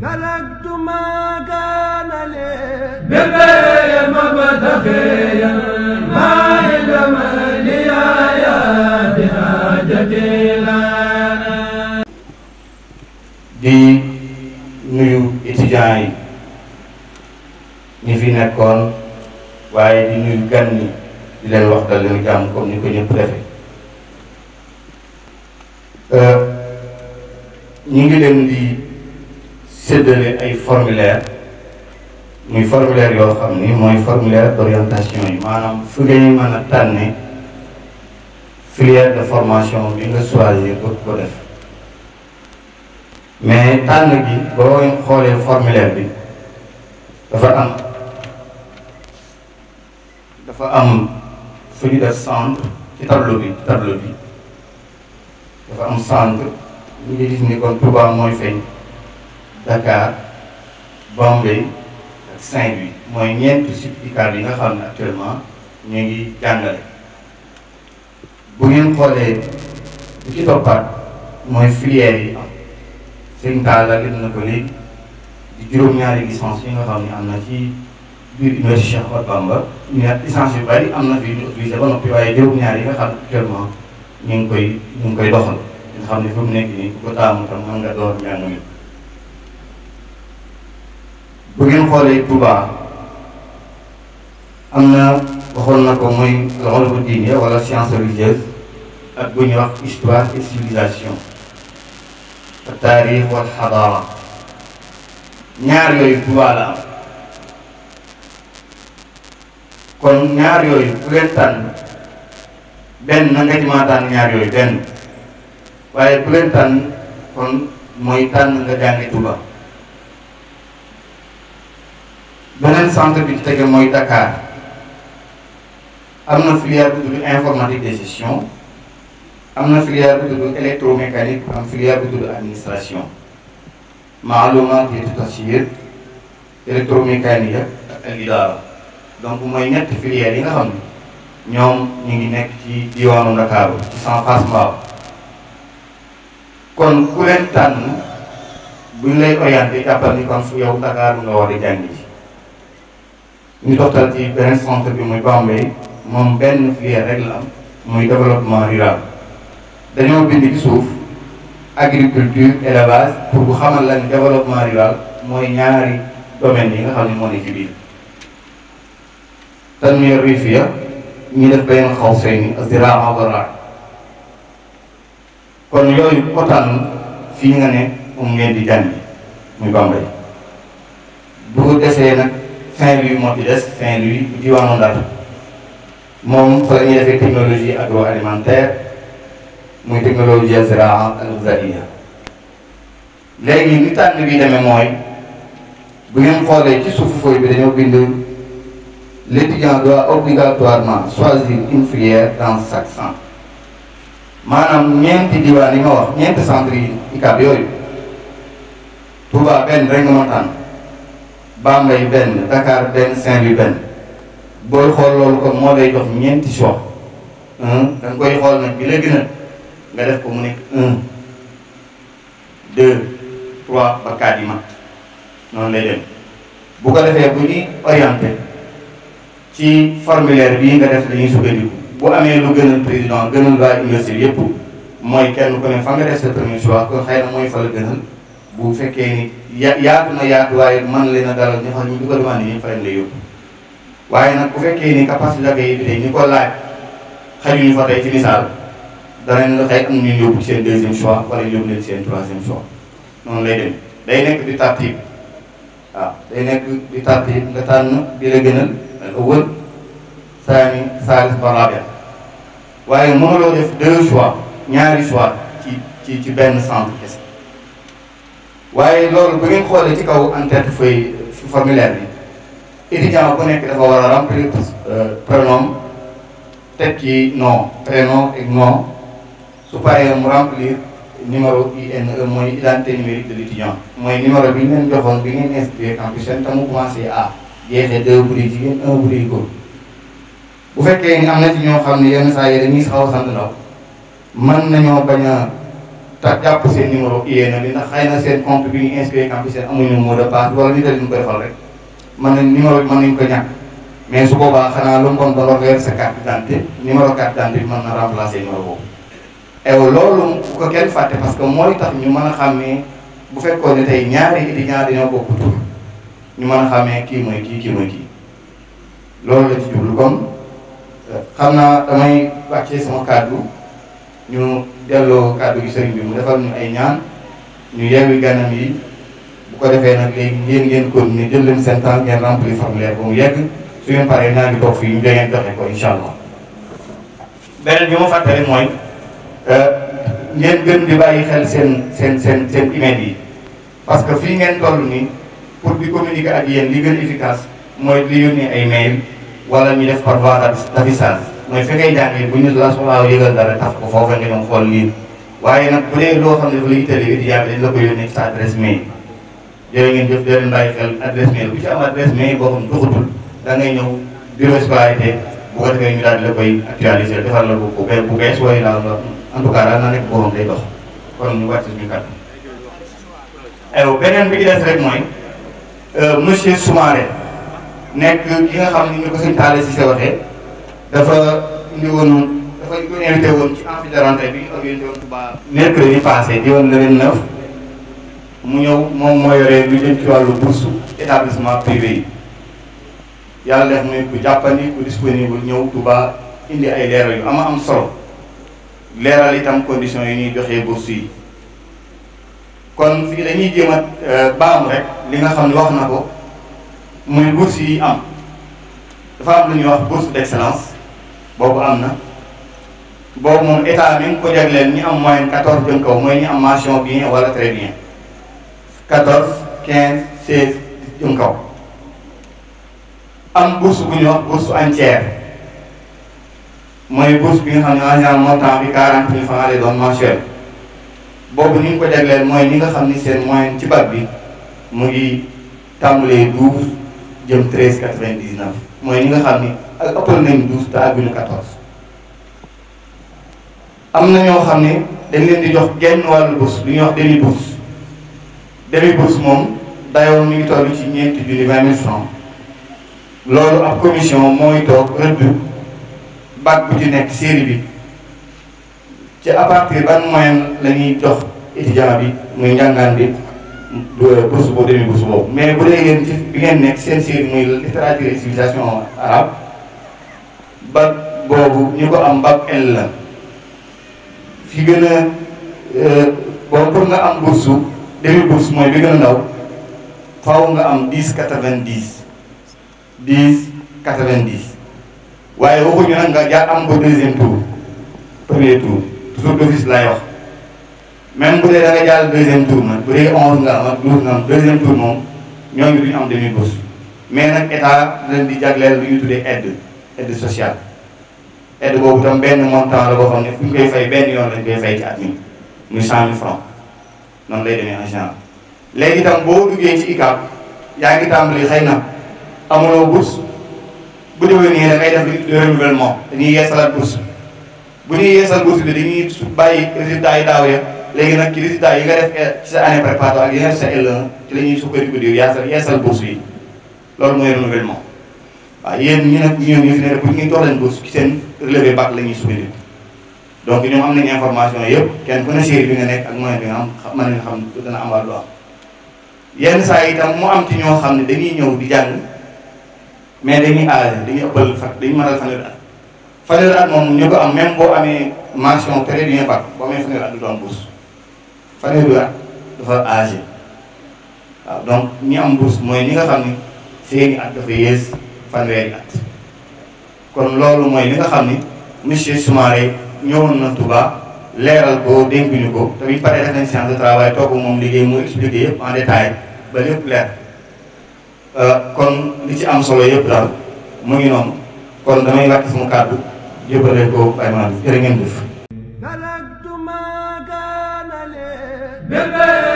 ملكت ما كان لي بغير مبتغيا ما علم لي يا بحاجتي لنا di nuyu étudiants yi ñi fi nekkoon waaye di nuyu gan ñi di leen wax dal leen jàmm comme ni ko ñëpp defee euh, ñu ngi leen di séddale ay formulaire muy formulaire yoo xam ni mooy formulaire d'orientation yi maanaam fi ngay mën a tànne filière de formation bi nga choisir pour ko def mais tànn gi boo xoolee formulaire bi dafa am dafa am fu ñu def centre ci tableau bi tableau bi dafa am centre ñu ngi gis ni kon Touba mooy feeñ Dakar Bombay ak Saint-Louis mooy ñeenti sites UCAD yi nga xam ne actuellement ñu ngi jàngale bu ngeen xoolee bu ci mooy filières yi am sëñ ko léegi di ñaari licence yi nga xam ne am na ci biir université Cheikh yu bari am na fi ñu utilisé ba noppi waaye juróom-ñaar yi nga xam ne actuellement ñu ngi koy ñu mu nekk nii ku ko nga door njàng mi bu ngeen xoolee Touba am na waxoon na ko mooy al-ulum diiniya wala science religieuse ak bu ñuy histoire et civilisation ak taarix wal xadaara ñaar yooyu Touba la kon ñaar yooyu ku leen tànn ñaar yooyu benn waaye ku leen tànn kon mooy tànn nga jàngi Touba beneen centre bi ci tege mooy Dakar am na filière bu tudd informatique de gestion am na filière bu tudd électromécanique am filière bu tudd administration maalumaat yi tasir électromécanique ak al idaara donc mooy ñetti filières yi nga xam ñoom ñu ngi nekk ci diwaanu Ndakaaru ci sans face mbaaw kon ku leen tànn buñ lay orienté jàppal ni kon fu yow Dakar nga war a jàngi ñu toxtal ci beneen centre bi muy Bambey moom benn filière rek la am muy développement rural dañoo bind ci suuf agriculture élevage pour bu xamal lan développement rural mooy ñaari domaines yi nga xam ne moo ne ci biir tanmiya rifiya ñu def benn xaw say ni azdiraa wara kon yooyu kotaan fii nga ne um ngeen di jàngi muy Bambey bu desee nag Saint-Louis moo ci des Saint-Louis diwaanu Ndar mu fa la ñuy defee technologie agroalimentaire muy technologie azraa al-ghazalia léegi ni tànn bi demee mooy bu ngeen xoolee ci suufu fooy bi dañoo bind l'étudiant doit obligatoirement choisir une filière dans chaque centre maanaam ñeenti diwaan yi ma wax ñeenti centre yi ICAB yooyu Touba benn rek nga ma tànn Bambey benn Dakar benn Saint-Louis benn booy xool loolu ko moo lay jox ñeenti choix un koy xool nag bi la gën nga def ko mu nekk un deux trois ba quatre yi mat noonu lay dem bu ko defee bu ñuy orienté ci formulaire bii nga def dañuy sukkandiku bu amee lu gënal président gënal waa université yëpp mooy kenn ku ne fa nga def sa premier choix kon xëy mooy fa la gënal bu fekkee ni ya yaatu na yaatu waaye man leen a dalal ñu xam ñu ko demandé ñu fañ lay yóbbu waaye nag bu fekkee ni capacité d'accueil bi tey ñu ko laaj xajuñu fa tey ci misaal danañ la xëy am ñu yóbbu seen deuxième choix wala ñu yóbbu leen seen troisième choix noonu lay dem day nekk di tartib waaw day nekk di tartib nga tànn bi la gënal al awwal saani saalis ba rabia waaye mënuloo def deux choix ñaari choix ci ci ci benn centre waaye loolu bu ngeen xoolee ci kaw en tête feuille formulaire bi étudiant bu nekk dafa war a remplir euh, prénom teg ci nom prénom ak nom su paree mu remplir numéro INE mooy identité numérique de l' étudiant mooy numéro bi ñu leen joxoon bi ngeen inscrire campus seen mu commencé à jeexee deux bu dee jigéen un bu dee bu fekkee ni am na ci ñoo xam ne yenn saa yi dañuy xaw a sant ndaw mën nañoo bañ ta jàpp seen numéro INN bi ndax xëy na seen compte bi ñu inscrit campus seen amuñu mot de passe wala ni da leen ko defal rek mën nañ numéro bi mën nañ ko ñàkk mais su boobaa xanaa lu mu bon ba loolu nga yor sa carte d'identité numéro carte d'identité bi mën na remplacer ko kenn fàtte parce que mooy tax ñu mën a xàmmee bu fekkoon ne tey ñaari étudiants dañoo bokk tur ñu mën a xàmmee kii mooy kii kii mooy kii loolu la ci jublu xam naa damay wàccee sama kàddu ñu. delloo kàddu gi sëriñ bi mu defal ñu ay ñaan ñu yewwi ganam yi bu ko defee nag léegi ngeen ngeen continuer jël leen seen temps ngeen remplir formulaire ba mu yegg su ngeen paree naa ngi toog fii ñu ngeen joxe ko incha allah. beneen bi ma fàttali mooy euh, ngeen gën di bàyyi xel seen seen seen seen email yi parce que fii ngeen toll nii pour di communiquer ak yéen li gën efficace mooy di yónnee ay mail. wala ñu def par voie d'affichage mooy fi ngay bu ñu la soxlaa yëgal dara taf ko foofa nga ñoom waaye nag bu dee loo xam ne dafa la yittale étudiant bi dañ la ko yónnee sa adresse mail jërë ngeen jëf doo leen bàyyi xel adresse mail bu ci am adresse mail boo xam duxutul da ngay ñëw bureau scolarité bu ko defee ñu daal koy actualiser defal la bu bu bees wala daal nga en tout cas daal naa nekk boo xam day kon ñu wàcc suñu kàddu. aywa beneen bi ci des nekk ki nga xam ni ñu ko sëñ Talla Cissé waxee dafa indi woon dafa ñu invité woon ci amphi de rentrée bi ñu organisé woon Touba mercredi passé di woon le 29 mu ñëw moom moo yore lu jëm ci wàllu bourse établissement privé yi yàlla def muy ku jàppandi ku disponible ñëw Touba indi ay leeral yu am am solo leeral itam conditions yi ñuy joxee bourse yi kon fii dañuy jéem a euh, baam rek li nga xam ne wax na ko. muy bourse yi am dafa am lu ñuy wax bourse d'excellence boobu am na boobu moom état mi ngi ko jagleel ñi am moyenne quatorze jëm kaw mooy ñi am mention bien wala très bien quatorze quinze seize jëm kaw am bourse bu ñuy wax bourse entière mooy bourse bi nga xam ne en général montant bi quarante mille francs lay doon mensuel boobu ni ñu ko jagleel mooy ñi nga xam ni seen moyenne ci bac bi mu ngi tàmbalee douze jëm treize quatre-vingt-dix-neuf mooy ñi nga xam ni ak ëppoon nañ douze te àgguñu quatorze am na ñoo xam ne dañ leen di jox genn wàllu bourse lu ñuy wax demi bourse demi bourse moom dayoon mi ngi toll ci ñeenti junni mille francs loolu ab commission mooy toog rëdd bac bu ci nekk série bi ci à partir ban moyen la ñuy jox étudiant bi muy njàngaan bi Euh, bourse boobu demi bourse boobu mais bu dee yéen ci bi ngeen nekk seen série muy littérature et civilisation arabe bac boobu ñu ko am bac L la fi gën a euh, boobu pour nga am bourse demi bourse mooy bi gën a ndaw faaw nga am dix quatre-vingt-dix dix quatre-vingt-dix waaye waxuñu nag nga jaar am ko deuxième tour premier tour toujours d'office laay wax même bu dee da nga jàll deuxième tour nag bu dee onze nga am ak tour moom ñooñu du ñu am demi bourse mais nag état leen di jagleel lu ñu tuddee aide aide sociale aide benn montant la boo xam fay benn yoon lañ koy fay ci at mi muy cent mille francs lay demee en général léegi tam boo duggee ci ICAP yaa ngi tàmbali xëy na amuloo bourse bu déwénee da ngay def le renouvellement dañuy yeesalaat bourse bu ñuy yeesal bourse bi dañuy bàyyi résultat yi daaw ya léegi nag ci résultat yi nga def e ci sa année préparatoire ak yi nga def sa l la ñuy sukkandiku di yeesal yeesal bourse yi loolu mooy renouvellement waaw ñu nag ñoom ñu fi ne rek ci seen relevé bac la ñuy sukkandiku donc ñoom am nañu information yëpp kenn ku ne série bi nga nekk ak moyen bi nga am mën nañu xam dana am wàllu yenn saa yi itam mu am ci ñoo xam ne dañuy ñëw di jàng mais dañuy aaree dañuy ëppal fa dañuy matal fanweeri at moom ñu ko am même boo amee mention période bien bac boo amee fanweeri at du doon bourse fanweeri at dafa âgé waaw donc ñi am bourse mooy ñi nga xam ni seeni at dafa yées fanweeri at kon loolu mooy li nga xam ni monsieur Soumaré ñëwoon na Touba leeral ko dénkuñu ko tamit pare def nañ séance de travail moom liggéey mu expliqué yëpp en détail ba lépp leer euh, kon li ci am solo yëpp daal mu ngi noonu kon damay wàcc sama kàddu jëbale ko Baye Malick jërë ngeen jëf Bébé